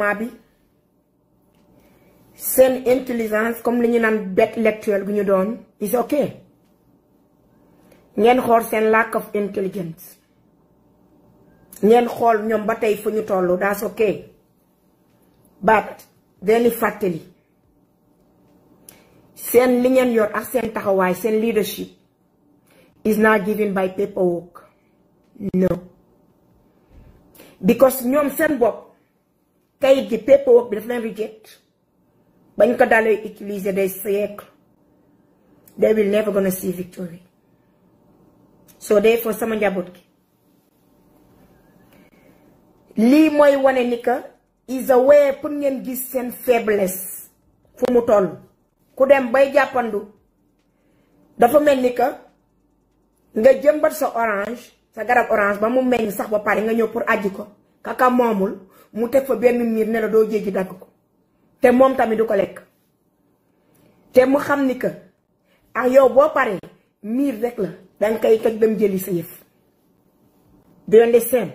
ma bi intelligence comme li ñu naan bête lectuelle gu ñu doon is ok ngeen xool seen lack of intelligence ngeen xool ñoom ba tey fu ñu toll that's ok but dañu fàttali seen li ngeen yor ak seen taxawaay seen leadership is not given by paperwork no because ñoom seen bopp kayit gi paperwork bi daf leen reject bañ ko dalee utiliser des siècles they will never gonna see victory so therefore sama njaboot gi li mooy wane ni is a way pour ngeen gis fabulous, faiblesse fu mu toll ku dem bay jàppandu dafa nga jëmbat sa orange sa garab orange ba mu meññ sax ba pare nga ñëw kaka moomul mu teg fa benn miir ne la doo jéggi dagg ko te moom tamit du ko lekk te mu xam ni que ak ah, yow boo paree miir rek la danga koy toj dem jëli sa yëf do you understand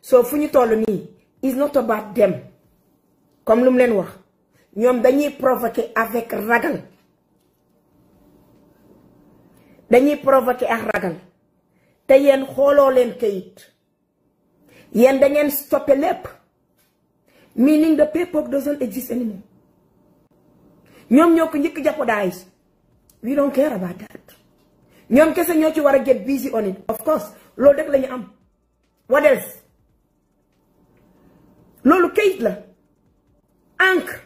so fu ñu toll nii is not about dem comme lu mu leen wax ñoom dañuy provoquer avec ragal dañuy provoquer ak ragal te yéen xooloo leen kayit yéen da ngeen stoppé lépp meaning the paperwork doesn't exist anymore ñoom ñoo ko njëkk jeopardize we don't care about that ñoom kese ñoo ci war get busy on it of course loolu rek la am what else loolu kayit la encre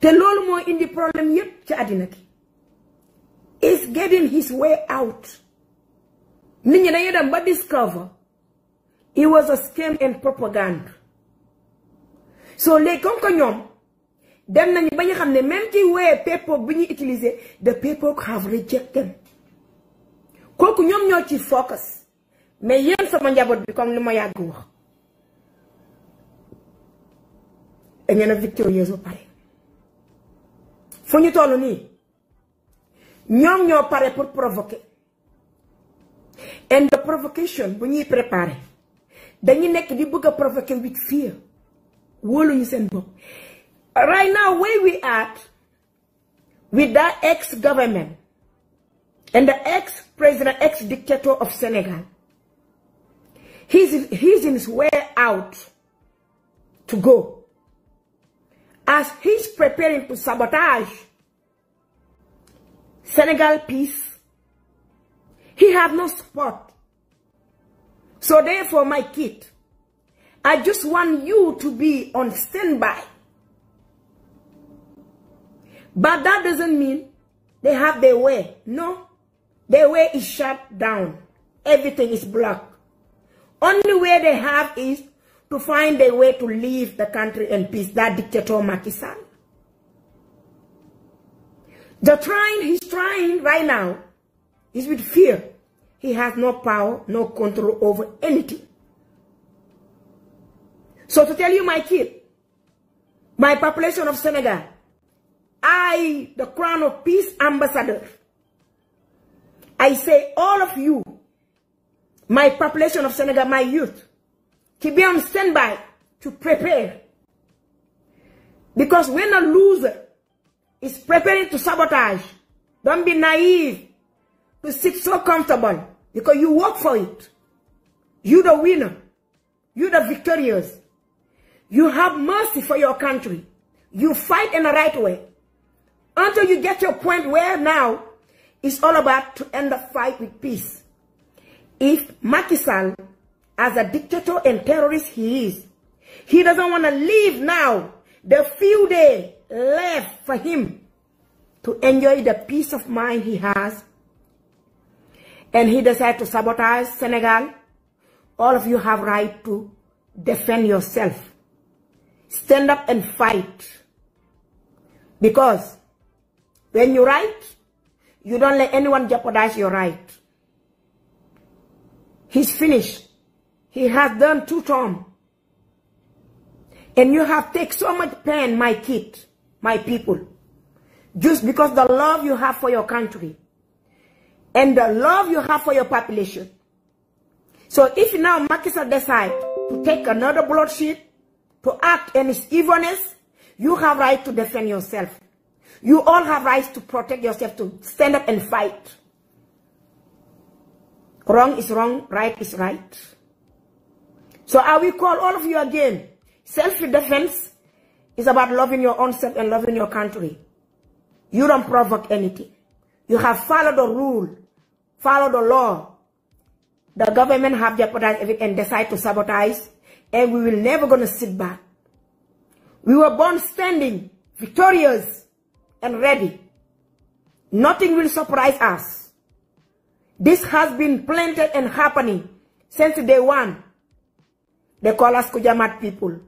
te loolu moo indi problem yépp cha adinaki. is getting his way out nit ñi dañuy dem ba discover it was a scam and propaganda so léegi comme ñoom dem nañu ba ñu xam ne même ci wooyee PayPal bi ñuy utiliser the PayPal have rejected kooku ñoom ñoo ci focus mais yéen sama njaboot bi comme li ma yàgg wax da ngeen a victorieuse ba pare fu ñu toll nii ñoom ñoo pare pour provoquer and the provocation bu ñuy préparé dañu make di bëgg a provoquer with fear wóoluñu seen bopp right now where we are with that ex government and the ex president ex dictator of Senegal he's he's in his way out to go as he's preparing to sabotage Senegal peace he have no support so therefore, my kid, I just want you to be on standby. But that doesn't mean they have their way. No. Their way is shut down. Everything is blocked. Only way they have is to find a way to leave the country in peace, that dictator Macky Sall. The trying he's trying right now He's with fear. He has no power, no control over anything. So to tell you my kid, my population of Senegal, I, the Crown of Peace Ambassador, I say all of you, my population of Senegal, my youth, to be on standby to prepare. Because when a loser is preparing to sabotage, don't be naive to sit so comfortable because you work for it. You the winner. You the victorious. You have mercy for your country. You fight in the right way. Until you get to a point where now it's all about to end the fight with peace. If Macky Sall, as a dictator and terrorist he is, he doesn't want to leave now the few days left for him to enjoy the peace of mind he has and he decided to sabotage Senegal, all of you have right to defend yourself. Stand up and fight. Because when you write, you don't let anyone jeopardize your right. He's finished. He has done two terms. And you have take so much pain, my kid, my people. Just because the love you have for your country and the love you have for your population. So if now Marcus decide to take another bloodshed, to act in his evilness, you have right to defend yourself. You all have rights to protect yourself, to stand up and fight. Wrong is wrong, right is right. So I will call all of you again. Self-defense is about loving your own self and loving your country. You don't provoke anything. You have followed the rule follow the law. The government have jeopardized everything and decide to sabotage. And we will never going to sit back. We were born standing, victorious, and ready. Nothing will surprise us. This has been planted and happening since day one. They call us Kujamat people.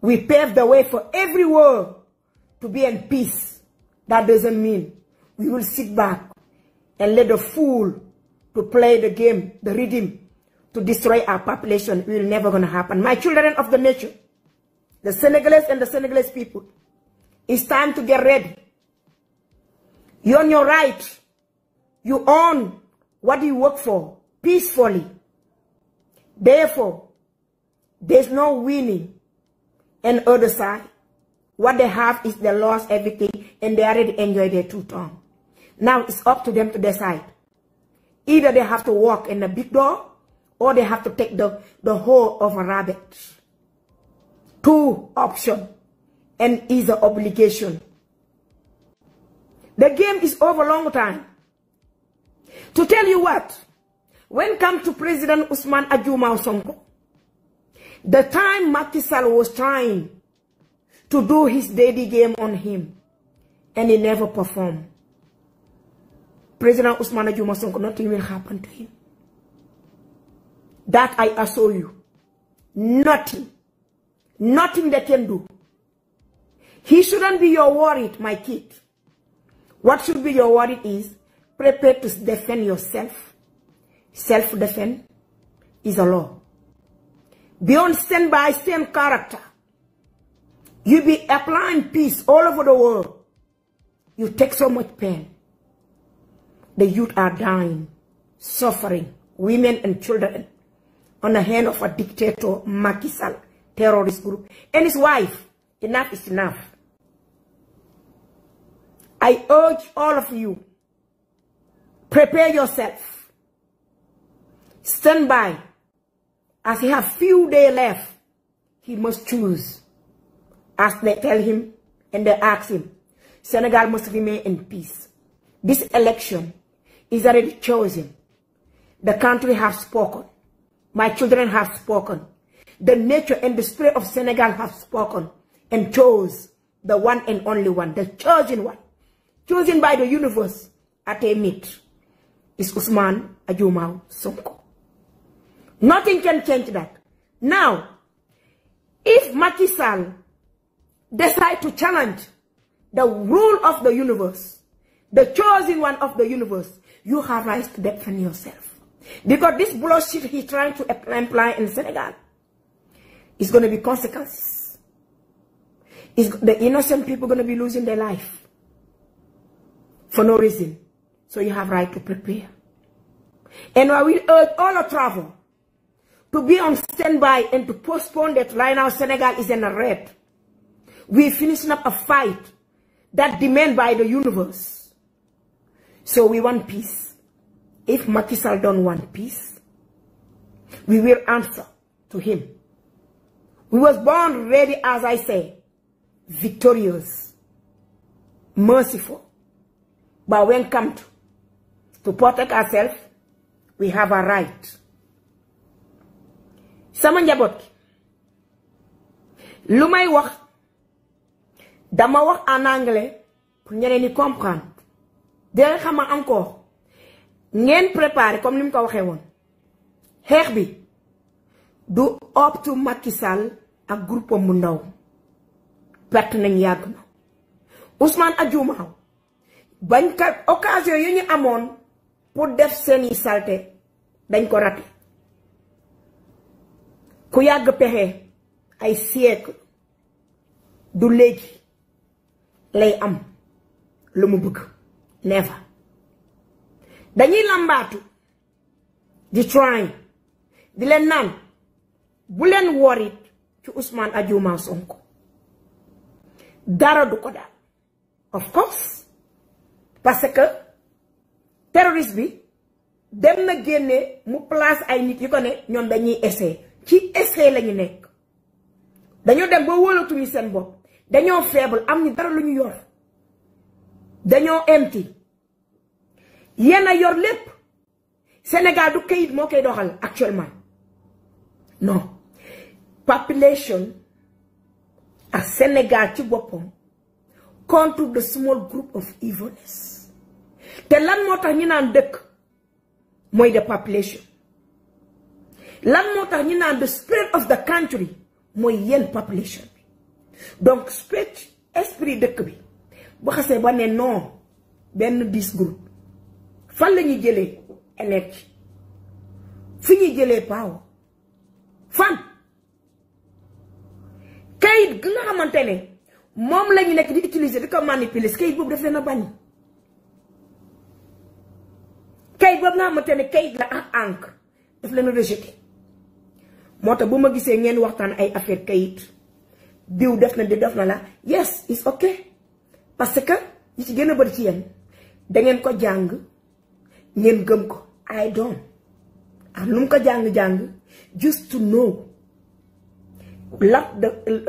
We pave the way for every world to be in peace. That doesn't mean we will sit back and let the fool to play the game, the rhythm, to destroy our population will never going to happen. My children of the nature, the Senegalese and the Senegalese people, it's time to get ready. You're on your right. You own what you work for peacefully. Therefore, there's no winning and other side. What they have is they lost everything and they already enjoy their two tongues. Now it's up to them to decide. Either they have to walk in the big door or they have to take the, the whole of a rabbit. Two option and is an obligation. The game is over long time. To tell you what, when come to President Usman Ajuma Osongo, the time Macky Sall was trying to do his daily game on him, and he never performed. President Usman Ajuma Sonko, nothing will happen to him. That I assure you. Nothing. Nothing they can do. He shouldn't be your worried, my kid. What should be your worry is prepare to defend yourself. Self-defense is a law. on stand by stand character. You be applying peace all over the world. You take so much pain. The youth are dying, suffering, women and children, on the hand of a dictator, Macky Sall, terrorist group, and his wife. Enough is enough. I urge all of you, prepare yourself. Stand by. As he has few days left, he must choose. As they tell him and they ask him, Senegal must remain in peace. This election is already chosen. The country have spoken. My children have spoken. The nature and the spirit of Senegal have spoken and chose the one and only one, the chosen one, chosen by the universe at a meet, is Usman Ajumau Sonko. Nothing can change that. Now, if Macky Sall decide to challenge the rule of the universe, the chosen one of the universe, you have rights to defend yourself. Because this bullshit he's trying to apply in Senegal is going to be consequences. Is the innocent people going to be losing their life for no reason. So you have right to prepare. And I will urge all the travel to be on standby and to postpone that right now Senegal is in a red. We're finishing up a fight that demand by the universe. So we want peace. If Matisal don't want peace, we will answer to him. We was born ready, as I say, victorious, merciful. But when come to, to protect ourselves, we have a right. Saman jabot. gi wak dama wax en anglais pour ñi comprendre di leen xamal encore ngeen préparé comme ni mu ko waxee woon xeex bi du optu Macky Sall ak groupe mu ndaw perte nañ yàgg na ak Adjuma bañ ka occasion yu ñu amoon pour def seeni salte dañ ko raté ku yàgg pexe ay siècle du léegi lay am lu mu bëgg never dañuy làmbaatu di try di leen naan bu leen worit ci Ousmane Ajuma Sonko dara du ko daal of course parce que terroriste bi dem na génne mu place ay nit yi ko ne ñoom dañuy essayé ci essayé lañu nekk dañoo dem ba wóolatuñu seen bopp dañoo faible am ñu dara lu ñu yor dañoo empty yéen a yor lépp Sénégal du kayit moo koy doxal actuellement non population a Sénégal ci boppam contre the small group of evilness te lan moo tax ñu naan dëkk mooy the population lan moo tax ñu naan the spirit of the country mooy yenn population donc spirit esprit dëkk bi bu xasee ba ne non benn dix groupe fan la ñuy jëlee énergie fi ñuy jëlee paaw fan kayit gi nga xamante ne moom lañuy nekk di utiliser di ko manipuler kayit boobu daf leen a bañ kayit boobu nga xamante ne kayit la ak encre daf leen a rejeté moo tax bu ma gisee ngeen waxtaan ay affaire kayit diw def na di def na la yes it's okay parce que ñi ci gën a bëri ci yéen dangeen ko jàng ngeen gëm ko I don't am lu ko jàng-jàng just to know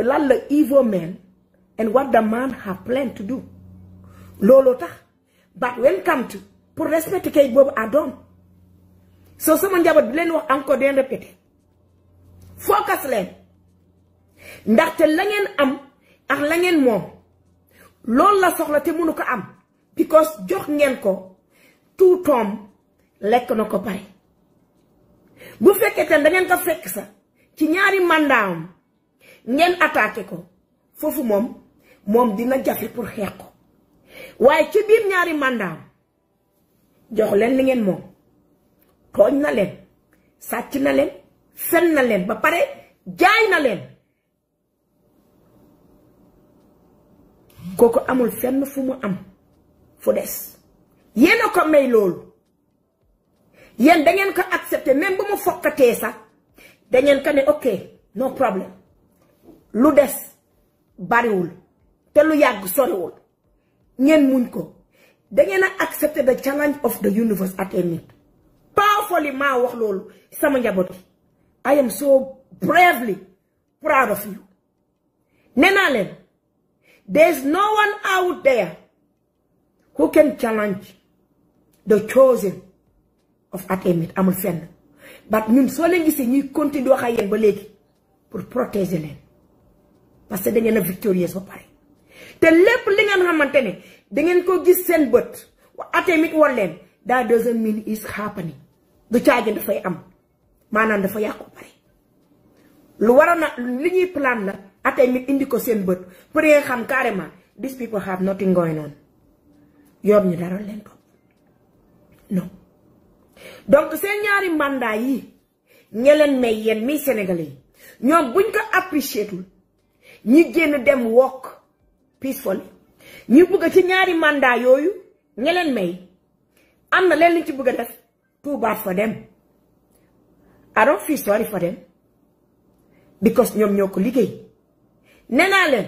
lan la evil man and what the man have planned to looloo tax but when come pour respecter kayit boobu I don't soo sama njaboot bi leen wax encore den répété focus leen ndaxte la ngeen am ak la ngeen moom loolu la soxla te mënu ko am because jox ngeen ko tuutoom lekk na ko pare bu fekkee te da ngeen ko fekk sa ci ñaari mandaam ngeen attaqué ko foofu moom moom dina jafe pour xeex ko waaye ci biir ñaari mandaam jox leen li ngeen moom tooñ na leen sàcc na leen fen na leen ba pare jaay na leen kooku amul fenn fu mu am fu des yéen ko may loolu yéen dangeen ko accepté même bu mu fokkatee sax da ngeen ko ne ok no problème lu des bariwul te lu yàgg soriwul ngeen muñ ko da ngeen a accepté the challenge of the universe at a minute maa wax loolu sama njaboot yi I am so bravely proud leen. There's no one out there who can challenge the chosen of ak Emmet but fenn bat ñun soo leen gisee ñuy continuer wax ak yéen ba léegi pour protéger leen parce que da ngeen a victorieuse ba pare te lépp li ngeen xamante ne da ngeen ko gis seen bët wa ak Emmet war leen that doesn't mean it's happening du caagin dafay am maanaam dafa yàqu pare lu waroon a li ñuy la. ate mi indi ko seen bët pour xam carrément these people have nothing going on yoob ñu dara leen topp non donc seen ñaari mandat yi ñe may yéen mi Sénégalais yi ñoom guñ ko apprécié ñi génn dem wokk peacefully ñu bëgg ci ñaari màndaa yooyu ñe leen may am na leen liñ ci bugg a def too bad for them I don't feel sorry for them because ñoom ñoo ko liggéey nee naa leen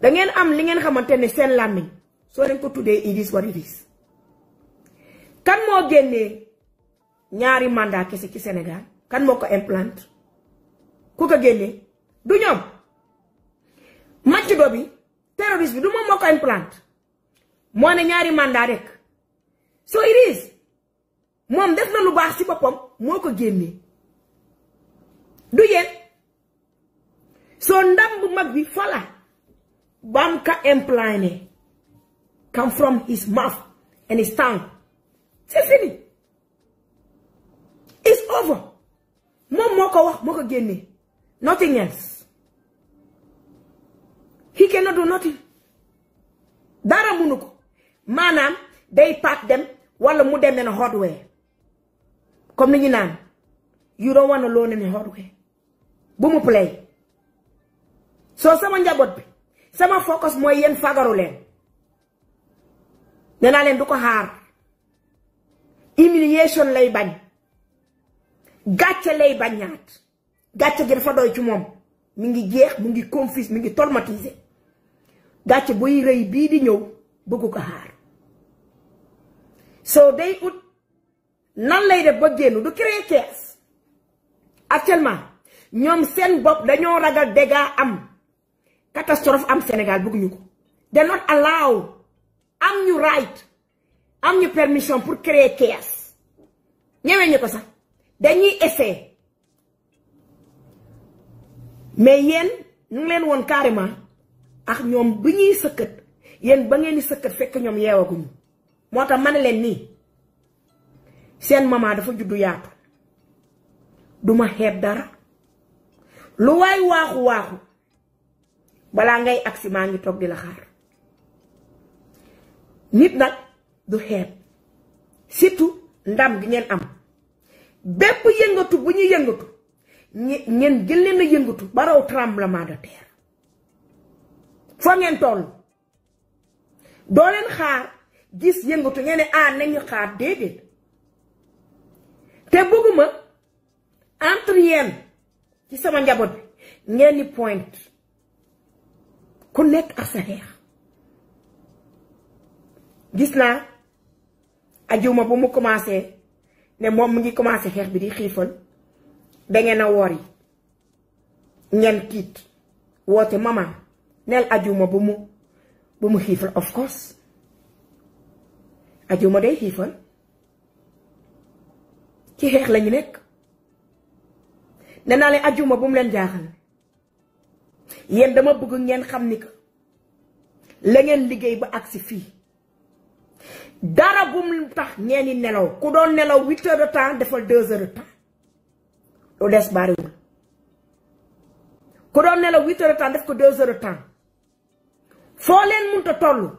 da ngeen am li ngeen xamante ne seen làmmiñ soo leen ko tuddee iris war iris kan moo génnee ñaari mandat kese ci Sénégal kan moo ko implante ku ko génnee du ñoom macc bi terroriste bi du moom moo ko implante moo ne ñaari mandat rek soo iris moom def na lu baax ci boppam moo ko génnee du yéen so ndam bu mag bi fala bam come from his mouth and his tongue see, it's over moom moo ko wax moo nothing else he cannot do nothing dara munu manam they pack them Walla wala mu in a hard way Come ni you don't want to loan in a hard way bu play soo sama njaboot bi sama focus mooy yéen fagaru leen nee naa leen du ko xaar humiliation lay bañ gàcce lay bañaat gàcce gi dafa doy ci moom mu ngi jeex mu ngi confus mi ngi traumatisé gàcce buy rëy bii di ñëw bëggu ko xaar soo day ut nan lay def ba génn du créer caisse actuellement ñoom seen bopp dañoo ragal dégâts am. catastrophe am Sénégal bëgg ñuko they not allow am ñu right am ñu permission pour créer chaos ñëwé ñuko sax dañuy essayer mais yeen ñu ngi leen won carrément ak ñom bi ñuy sëkkat yéen ba ngeen ni sëkkat fekk ñom yéwaguñu motax mané leen ni sen mama dafa juddu yaatu duma xeeb dara lu way waxu waxu bala ngay aksi ma ngi tok di la xaar nit nak du xeb situ ndam bi ngeen am bepp yëngatu bu ñu yëngatu ngeen jël leena a yëngatu ba raw tremblement de terre fo ngeen toll do len xaar gis yëngatu ngeen a ah nañu xaar dede te bëgguma entre yéen ci sama njabot ngeen ni point ku nekk ak sa xeex gis naa ajuma bu mu commencé ne moom mu ngi commencé xeex bi di xiifal dangeen a woor yi ngeen tiit woote mama neel ajuma bu mu bu mu xiifal of course ajuma day xiifal ci xeex lañu nekk nee naa leen ajuma bu mu leen jaaxal yéen dama bëgg ngeen xam ni que la ngeen liggéey ba si fii dara bum tax ngeen di nelaw ku doon nelaw huit heures de temps defal deux de temps lu des bariwul ku doon nelaw huit heures de temps def ko de temps foo leen munta toll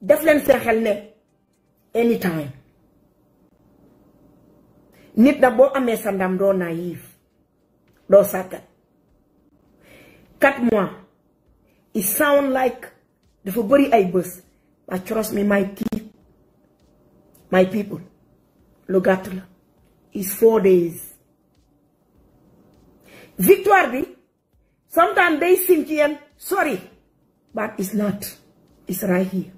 def leen seen xel ne anytime nit nag boo amee sa ndam doo naïf doo sàggat 4 mois it sound like dafa bëri ay bës waaye trust me my kii my people lu gàtt la is 4 days victoire bi sometimes day sim ci yéen sorry but it's not it's right here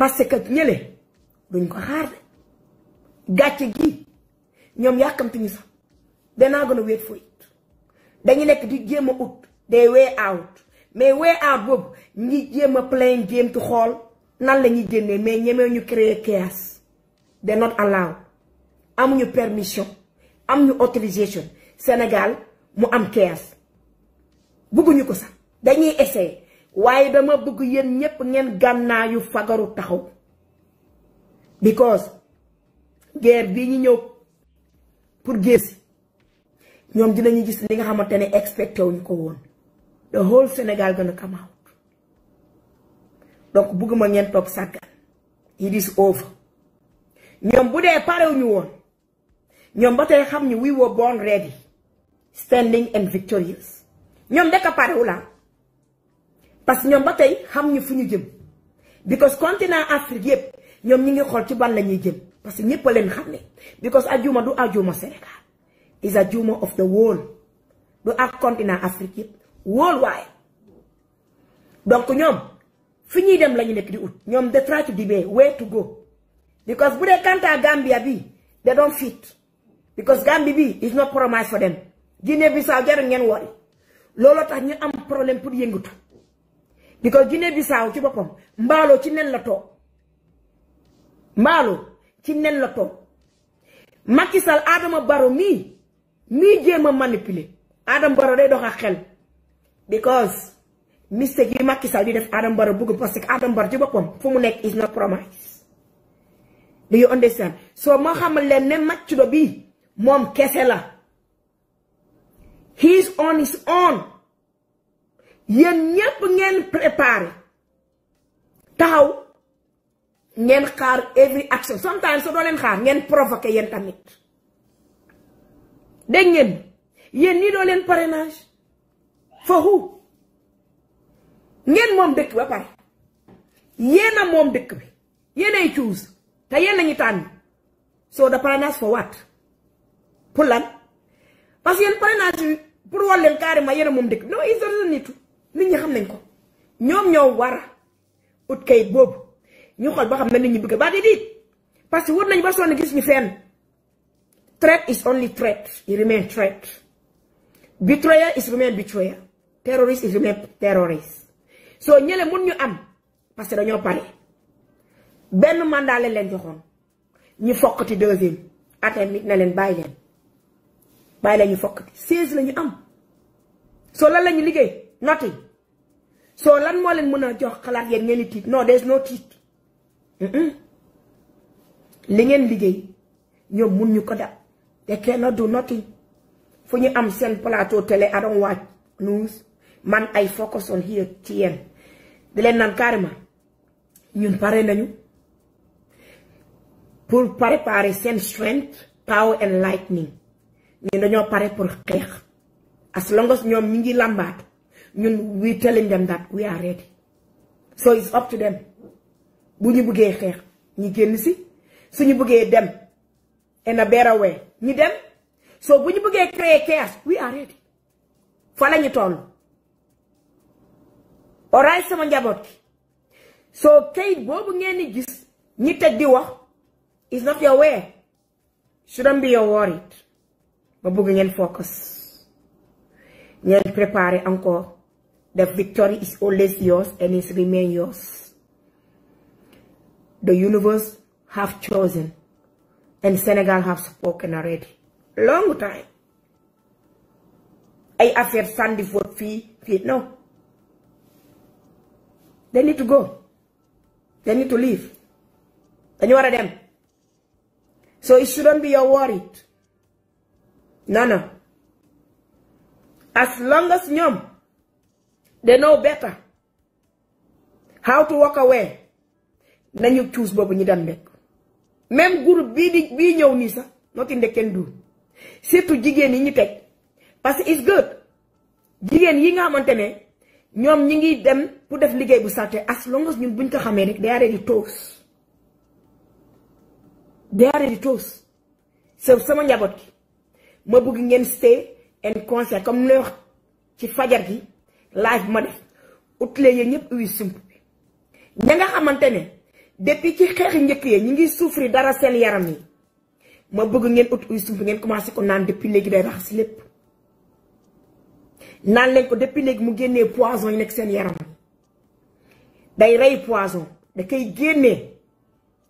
parce que ñële duñ ko xaar de gàcce gi ñoom yàkkamti ñu sax they're not gonna wait for it dañu nekk di jéem a ut day way out mais way out boobu ñi jéem a playing game xool nan lañuy génnee mais ñemee ñu créer chaos they're not allowed amuñu permission am ñu autorisation Sénégal mu am chaos bëgguñu ko sax dañuy essayer waaye dama bëgg yéen ñépp ngeen gànnaayu fagaru taxaw because guerre bii ñu ñëw pour géesi ñoom dinañu gis li nga xamantene ne expecté wuñ ko won the whole Senegal gonna come out donc bugguma ngeen toog sàggan it is over ñom bu paré wuñ won ñom ba xam ni we were born ready standing and victorious ka paré wu la parce que ñoom ba xam ni fuñu jëm because continent Afrique yépp ñom ñi ngi xol ci ban la jëm parce que leen xamné because ajuma du ajuma senegal is a Juma of the world. du ak continent Afrique worldwide donc go fi dem la ñu nekk di they try to debate where to go because they can't Kanta Gambia bi they don't fit because Gambia bi is not promised for them Guinée Bissau jarul ngeen wori looloo tax ñu am problème pour yëngatu because Guinée Bissau ci boppam mbaaloo ci nen la toog mbaaloo ci nen la ni jema Adam Baro day dox xel because mistake yi Macky Sall di def Adam Baro bëgg parce que Adam Baro ci bopam fu mu nek is not promise do you understand so maha xamal leen ne do bi mom la he is on his own yen ñepp ngeen préparer taw ngeen xaar every action sometimes so do len xaar ngeen provoquer tamit dégg ngeen yéen ñii doo leen parrainage foofu ngeen moom dëkk ba pare yéen moom dëkk bi yéen ay cuus te yéen a ñu tànn soo da parrainage for what pour lan parce que yéen parrainage bi pour wàll leen carrément yéen a moom dëkk bi non ils sont nitu nit ñi xam nañ ko ñoom ñoo war a ut kayit boobu ñu xool ba xam ne nit ñi bëgg ba di diit parce que wër nañu ba sonn gis ñu fenn. Threat is only threat. It remains threat. Betrayal is remain betrayal. Terrorist is remain terrorist. so ñële mun ñu am parce que dañoo pare benn mandat lañ leen joxoon ñu fokkati deuxième atem nit na leen bàyyi leen bàyyi leen ñu fokkati seize lañu am soo lan la liggéey nothing soo lan moo leen mën a jox xalaat yéen ngeen di tiit noo there's noo tiit li ngeen liggéey ñoom mun ñu ko dab They cannot do nothing. For you, I'm sent Palato tele, I don't watch news. Man, I focus on here, TN. Di leen karma. You ñun pare nañu pour préparer send strength power and lightning ñun dañoo pare pour xeex as long as ñoom are ngi làmbaat we we telling them that we are ready so it's up to them bu ñu bëggee You can see. si suñu bëggee dem in a better way ñi dem so when you bëggee créer chaos we are ready Following it ñu alright sama njaboot ki soo kayit boobu gis ñi tëj wax is not your way shouldn't be your worried ma bëgg ngeen focus ngeen prepare encore the victory is always yours and it remain yours the universe have chosen and Senegal have spoken already long time have affaire sandi for fee, fee. no they need to go they need to leave And you are them. so it shouldn't be your worried no no as long as ñoom they know better how to walk away Then you choose boobu ñu dem de même groupe bii di bii ñëw nii sax notin de kenn du surtout jigéen yi ñu teg parce que it's good jigéen yi nga xamante ne ñoom ñi ngi dem pour def liggéey bu salte as long as ñun buñ ko xamee rek they are ready toos they are ready toos so sama njaboot gi ma bugg ngeen stay and concert comme ne wax ci fajar gi live ma def utile yéen ñëpp huile simple bi ña nga xamante ne depuis ci xex njëkk ye ñi ngi souffrir dara seen yaram yi ma bëgg ngeen ut uy souffrir ngeen commencé ko naan depuis légui day ci lepp naan leen ko depuis légui mu génné poison yi nek seen yaram day ray poison da kay génné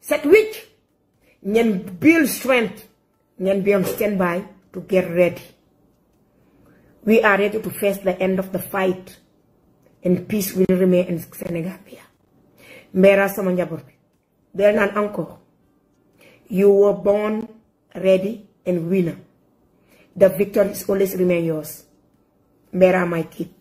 set week ñen build strength nyan be on standby to get ready we are ready to face the end of the fight and peace will remain in senegal mbera sama njaboot Then an encore. You were born ready and winner. The victory always remain yours. Mera, my kid.